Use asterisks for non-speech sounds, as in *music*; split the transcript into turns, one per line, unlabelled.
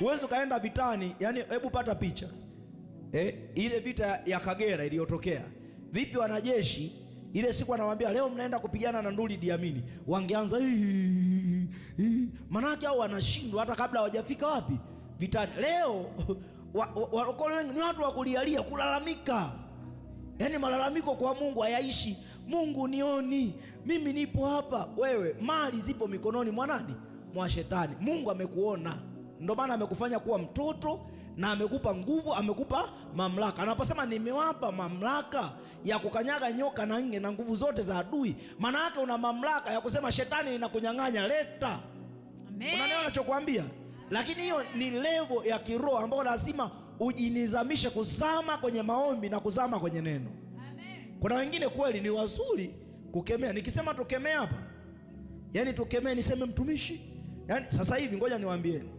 Huwezi ukaenda vitani, yani hebu pata picha eh, ile vita ya Kagera iliyotokea vipi? Wanajeshi ile siku anawaambia leo mnaenda kupigana na nduli Diamini, wangeanza manake, au wanashindwa hata kabla hawajafika wapi vitani. Leo *laughs* walokole wengi ni watu wa kulialia, kulalamika, yaani malalamiko kwa Mungu hayaishi. Mungu nioni, mimi nipo hapa, wewe mali zipo mikononi mwanani mwa shetani. Mungu amekuona ndio maana amekufanya kuwa mtoto na amekupa nguvu, amekupa mamlaka. Anaposema nimewapa mamlaka ya kukanyaga nyoka na nge na nguvu zote za adui, maana yake una mamlaka ya kusema shetani inakunyang'anya, leta. Unaelewa nachokuambia? Lakini hiyo ni levo ya kiroho ambayo lazima ujinizamishe kuzama kwenye maombi na kuzama kwenye neno. Amen. Kuna wengine kweli ni wazuri kukemea. Nikisema tukemea hapa, yaani tukemee, niseme mtumishi, yaani sasa hivi, ngoja niwaambieni